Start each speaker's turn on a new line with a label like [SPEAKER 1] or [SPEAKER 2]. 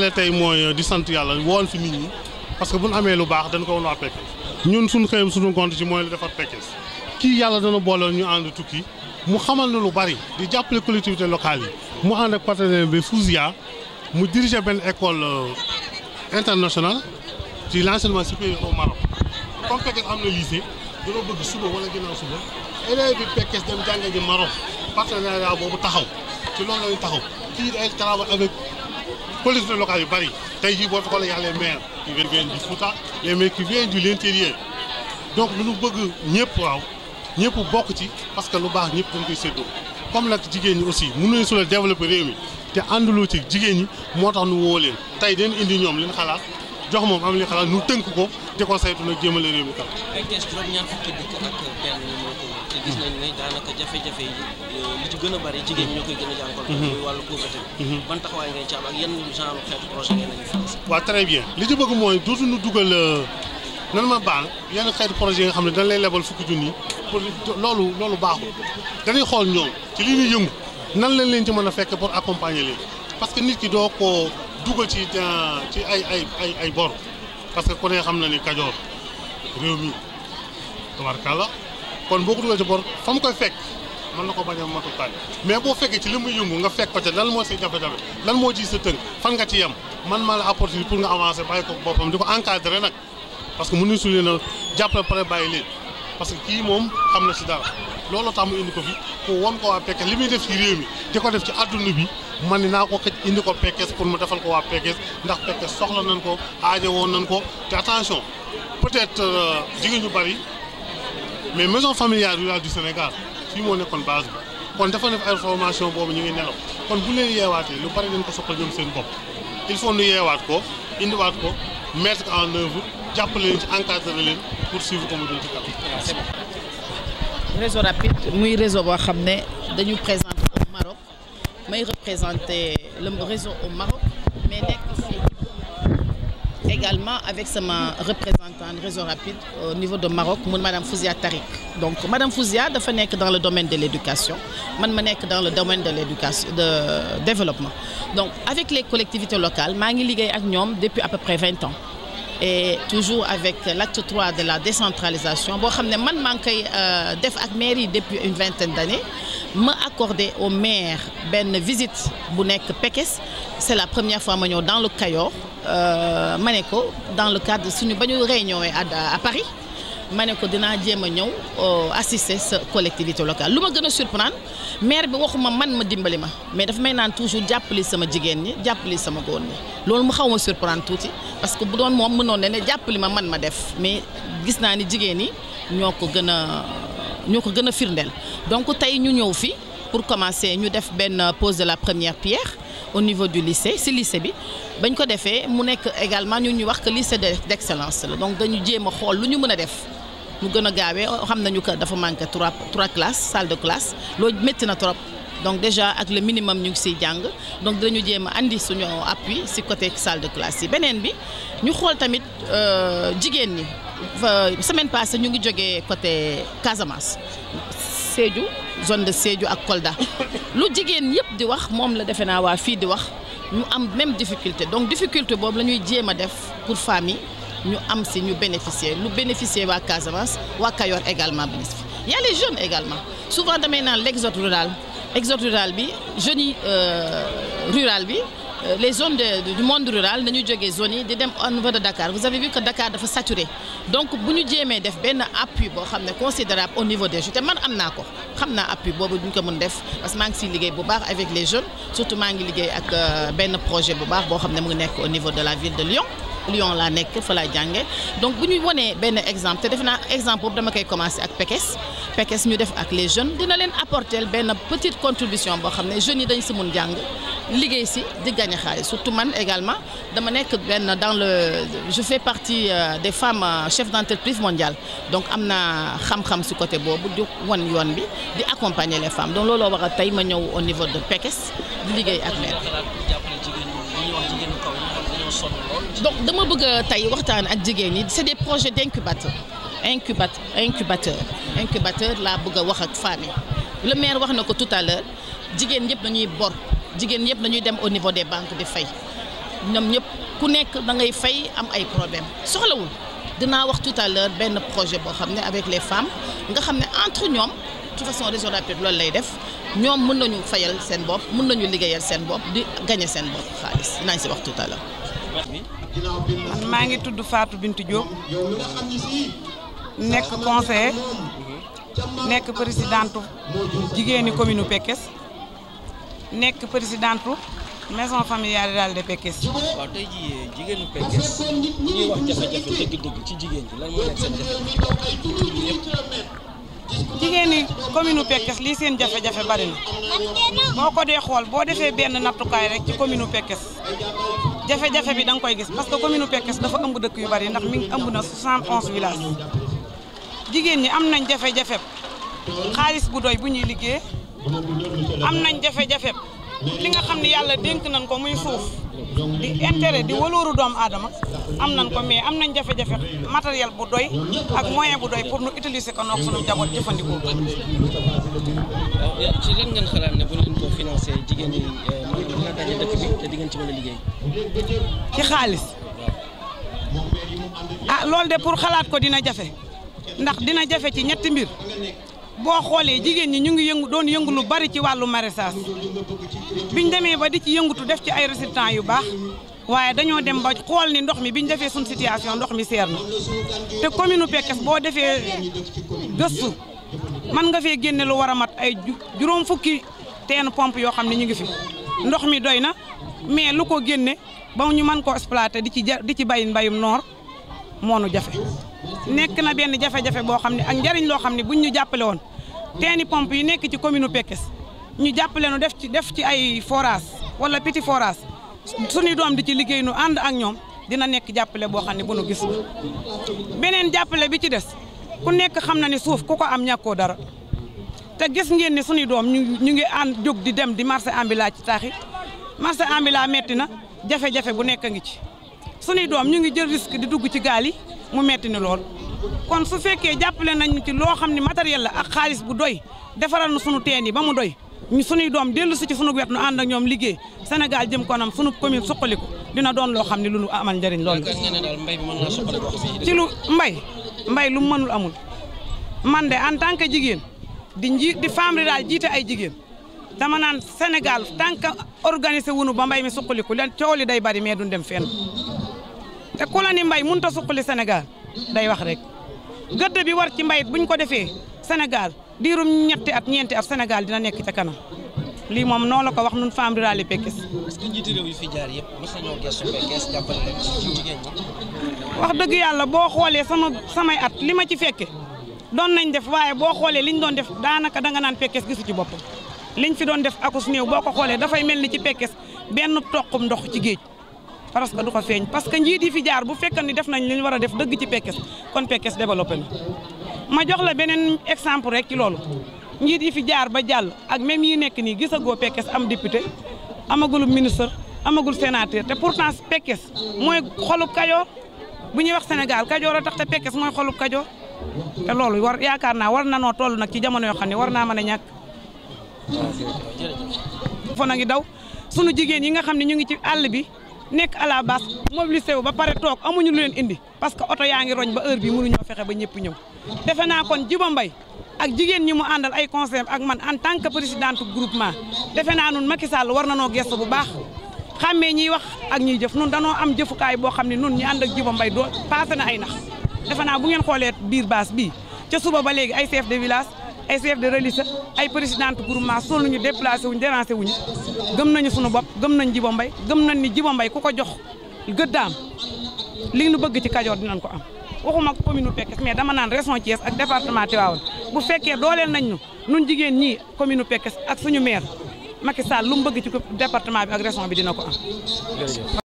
[SPEAKER 1] dajale tey mooy di sant yàlla woon fi nit ñi parce que bu ñu amee lu baax dañ ko woon waa Pekes ñun suñu xëyam suñu gont ci mooy lu defar Pekes kii yàlla dana boole ñu ànd tukki mu xamal na lu bari di jàppale collectivité locale yi mu ànd ak partenaire bi Fousia mu diriger benn école euh, internationale ci l'enseignement supérieur au Maroc comme Pekes am na lycée dana bëgg suba wala ginnaaw suba élèves bi Pekes dem jànge ji Maroc partenariat boobu taxaw ci police locale yu bëri tey jii boo xoolee y a les maires qui viennent du Fouta les maires qui viennent du l'intérieur donc lu ñu bëgg ñëpp waaw ñëpp bokk ci parce que lu baax ñëpp dañ koy séddoo comme nag jigéen ñi aussi mën nañu sula développer réew mi te ànduloo ci jigéen ñi moo tax nu woo leen tey dañ indi ñoom leen xalaat jox moom am li xalaat nu tënk ko di ko saytu nag jëmale réew mi kan. te
[SPEAKER 2] gis nañu ne daanaka jafe-jafe yi euh, li ci gën bari jigéen ñoo koy a jànkoonte. Mhm. Mhm. ban taxawaay ngeen ci am ak yan genre xeetu
[SPEAKER 1] projet ngeen lañu financé. waaw très bëgg mooy dootuñu dugal euh, nan ma baal yenn xeetu projet yi xam ne dañ lay lebal fukki junni pour loolu loolu baaxul dañuy xool ñoom ci li ñuy yëngu nan lañ leen ci mën a fekk pour accompagner leen parce nit ki doo ko dugal ci euh, ci ay ay ay ay bor parce que ku xam na ni Kajoor réew mi tabarkàlla kon boo ko dugal ci bor fa koy fekk man na ko bañ a matukaay mais boo fekkee ci li muy yëngu nga fekk ko ca lan moo si jafe-jafe lan moo ci sa tënk fan nga ci yem man maa la apporté pour nga avancer bàyyi ko boppam di ko encadré nag parce que mënuñu suñu leen a jàppale pare bàyyi leen. parce que kii moom xam na si dara looloo tax mu indi ko fi pour won ko waa Pekes li muy def ci réew mi di ko def ci adduna bi man ni naa ko këj indi ko Pekes pour mu defal ko waa Pekes ndax soxla nañ ko aajo woon nañ ko te attention peut-être euh, jigéen ñu bari mais maison familiale rurale du Sénégal fii moo nekkoon base bi kon dafa def ay formation boobu ñu ngi nelaw kon bu leen yeewaatee lu bari dañ ko soxla ñoom seen bopp il faut nu yeewaat ko indiwaat ko. mettre en en œuvre jàppale leen ci encadrer leen pour suivre ko mu jëm ci kanam. réseau
[SPEAKER 2] rapide muy réseau boo xam ne dañu présenter au Maroc may représenter le réseau au Maroc. également avec ma représentant réseau rapide au niveau de Maroc mun madame Fouzia Tariq donc madame Fouzia dafa nekk dans le domaine de l'éducation man ma nekk dans le domaine de l'éducation de développement donc avec les collectivités locales maa ngi liggéey ak ñoom depuis à peu près vingt ans et toujours avec l'acte 3 de la décentralisation boo xam ne man maa ngi koy euh, def ak mairie depuis une vingtaine d'années ma accordé au maire benn visite bu nekk Pekes c'est la première fois ma ñëw dans le Kayor euh, ma ne ko dans le cadre suñu ba ñu réunion à à Paris ma ne ko dinaa jéem a ñëw euh, assister sa collectivité locale lu ma gën a surprendre maire bi waxuma man ma dimbali ma mais dafa may naan toujours jàppali sama jigéen ñi jàppali sama góor ñi loolu ma xaw ma surprendre tuuti parce que bu doon moom mënoon ne ne jàppali ma man ma def mais gis naa ni jigéen ñi ñoo ko gën a ñoo ko gën a firndeel donc tey ñu ñëw fii pour commencer ñu def benn pose de la première pierre au niveau du lycée ci lycée bi bañ ko defee mu nekk également ñu ñu wax que lycée d'excellence la donc dañu jéem a xool lu ñu mën a def mu gën a gaawee xam nañu que dafa manqué trois trois classes salle de classe loolu métti na trop donc déjà ak le minimum ñu ngi siy jàng donc dañu jéem a andi suñu appui si côté salle de classe yi beneen bi ñu xool tamit euh, jigéen ñi semaine passée ñu ngi jógee côté Casamance. Sédhiou zone de Sédhiou ak Kolda lu jigéen yëpp di wax moom la defe naa waa fii di wax ñu am même difficulté donc difficulté boobu la ñuy jéem a def pour femmes ñu am si ñu bénéficier lu bénéficier waa Casamance waa Kayor également bénéficier y a les jeunes également souvent damay naan l'exode rural bi jeunes yi euh, rural bi Euh, les zones de, du monde rural dañu jógee zone yi di dem au niveau de Dakar vous avez vu que Dakar dafa saturé donc bu ñu jéemee def benn appui boo xam ne considérable au niveau des jeunes te man am naa ko xam naa appui boobu duñ ko mën def parce que maa ngi siy liggéey bu baax avec les jeunes surtout maa ngi liggéey ak euh, benn projet bu baax boo xam ne mu ngi nekk au niveau de la ville de Lyon Lyon laa nekk fa laa jànge donc bu ñu wonee benn exemple te def naa exemple boobu koy commencer ak Pekes Pekes ñu def ak les jeunes leen apporter benn petite contribution boo xam ne jeunes yi dañ si mun jàng liggéey si di gagné xaalis surtout man également dama nekk benn dans le je fais partie euh, des femmes euh, chefs d'entreprise mondiale donc am na xam-xam si côté boobu di wan yoon bi di accompagner les femmes donc looloo waral tey ma ñëw au niveau de Pekes di liggéey ak maire. donc dama bëgg tey waxtaan ak jigéen ñi c'est des projets d'incubateur incubateur incubateur incubateur laa bëgg a wax ak femmes le maire wax na ko tout à l'heure jigéen ñëpp dañuy bor. jigéen ñëpp dañuy dem au niveau des banque di fay ñoom ñëpp ku nekk da ngay fay am ay problème soxlawul dinaa wax tout à benn projet boo xam ne avec les femmes nga xam ne entre ñoom de façon région d'Afrique loolu lay def ñoom mën nañu fayal seen bopp mën nañu liggéeyal seen bopp di gagné seen bopp xaalis dinaa si wax tout à l'heure
[SPEAKER 3] maa ngi tudd Fatou Bintou Diop nekk conseiller nekk présidente jigéeni commune Pekes nekk présidente maison familiale daal de Pekes. waaw tey jii jigéenu Pekes li ñuy wax jafe-jafe dëgg ci jigéen ñi lan moo nekk seen
[SPEAKER 1] jafe-jafe.
[SPEAKER 3] jigéen ñi commune Pekes lii seen jafe-jafe bari na boo ko dee xool boo defee benn nattukaay rek ci commune Pekes jafe-jafe bi da koy gis parce que commune Pekes dafa ëmb dëkk yu bari ndax mi ngi ëmb na 71 villages jigéen ñi am nañ jafe-jafe xaalis bu doy bu ñuy liggéey. am nañ jafe-jafe li nga xam ne yàlla dénk nañ ko muy suuf di intérêt di walooru doomu aadama am nañ ko mais am nañ jafe-jafe matériel bu doy ak moyen bu doy pour nu utiliser ko noog sunu njaboot jëfandikoo ko. Euh, ci lan ngeen xalaat ne bu leen ko financé jigéen ñi euh, maanaam dina di ngeen ci mën a liggéey. ci xaalis ah, loolu de pour xalaat ko dina jafe ndax dina jafe ci ñetti mbir. boo xoolee jigéen ñi ñu ngi yëngu doon yëngu lu bari ci wàllu maraîchage biñ demee ba di ci yëngutu def ci ay résultats yu baax waaye dañoo dem ba xool ni ndox mi biñ defee suñ situation ndox mi seer na te nu Pekes boo defee gëstu man nga fee génne lu war a mat ay juróom fukki teen pompe yoo xam ne ñu ngi fi ndox mi doy na mais lu ko génne ba ñu mën ko exploité di ci di ci bayin mbayum noor moonu jafe nekk na benn jafe-jafe boo xam ne ak njëriñ loo xam ne buñ ñu jàppale woon teeni pompe yi nekk ci commune Pekes ñu jàppale nu def ci def ci ay forage wala piti forage suñu doom di ci liggéey nu ànd ak ñoom dina nekk jàppale boo xam ne bu nu gis beneen jàppale bi ci des ku nekk xam na ne suuf ku ko am ñàkkoo dara te gis ngeen ni suñu doom ñu ngi ànd jóg di dem di marché ambulant ci taaxi marché ambulant metti na jafe-jafe bu nekk a ngi ci suñuy doom ñu ngi jël risque di dugg ci gaali mu metti ni lool kon su fekkee jàppale nañu ci loo xam ne matériel la ak xaalis bu doy defaral nu sunu teen yi ba mu doy ñu sunuy doom dellu si ci sunu wet nu ànd ak ñoom liggéey Sénégal jëm kanam sunu commune suqaliku dina doon loo xam ne lu nu amal njëriñ lool. ci lu mbay mbay lu mënul amul man de en tant que jigéen di nji di femme jiite ay jigéen dama naan Sénégal tant que organisé wunu ba mbay mi suqaliku leen coow li day bari mais duñ dem fenn. te ku ni mbay mënut a suqali Sénégal day wax rek gëdd bi war ci mbay buñ ko defee Sénégal diirum ñetti at ñeenti at Sénégal dina nekk ca kanam lii moom noonu la ko wax nun femme rurale Pekes.
[SPEAKER 2] est-ce yëpp mos nañoo gëstu wax
[SPEAKER 3] dëgg yàlla boo xoolee sama samay at li ma ci fekke doon nañ def waaye boo xoolee liñ doon def daanaka danga naan Pekes gisu ci boppam liñ fi doon def akus néew boo ko xoolee dafay mel ni ci Pekes benn toqum ndox ci géej. parce que du ko feeñ parce que njiit yi fi jaar bu fekk ni def nañ li ñu war a def dëgg ci Pekes kon Pekes développé ma jox la beneen exemple rek ci loolu njiit yi fi jaar ba jàll ak même yi nekk nii gisagoo Pekes am député amagul ministre amagul sénateur te pourtant Pekes mooy xolub Kajoor bu ñuy wax Sénégal Kajoor a tax te Pekes mooy xolub Kajoor te loolu war yaakaar naa war na noo toll nag ci jamono yoo xam ne war naa mën a ñàkk. fo a ngi daw sunu jigéen yi nga xam ne ñu ngi ci àll bi. nekk à la base mobilisé wu bapare pare toog amuñu lu leen indi parce que oto yaa ngi roñ ba heure bii mënuñoo fexe ba ñëpp ñëw defe naa kon Djibo Mbaye ak jigéen ñi mu àndal ay conseil ak man en tant que présidente groupement defe naa nun Macky Sall war na noo gëstu bu baax xàmmee ñiy wax ak ñiy jëf nun danoo am jëfukaay boo xam ne nun ñu ànd ak Djibo Mbaye doo passé na ay nax defe naa bu ngeen xooleet biir base bi ca suba ba léegi ay chef de village ay chef de relise ay présidente groupement sol ñu déplacé wuñ dérancé wuñu gëm nañu suñu bopp gëm nañ Djibo Mbaye gëm nañ ni Djibo Mbaye ku ko jox gëddaam li ñu bëgg ci Kajoor dinañ ko am waxuma ko commune Pekes mais dama naan région Thiès ak département Tivaouane bu fekkee dooleel nañ ñu nun jigéen ñi commune Pekes ak suñu meer Macky Sall lu mu bëgg ci département bi ak région bi dina ko am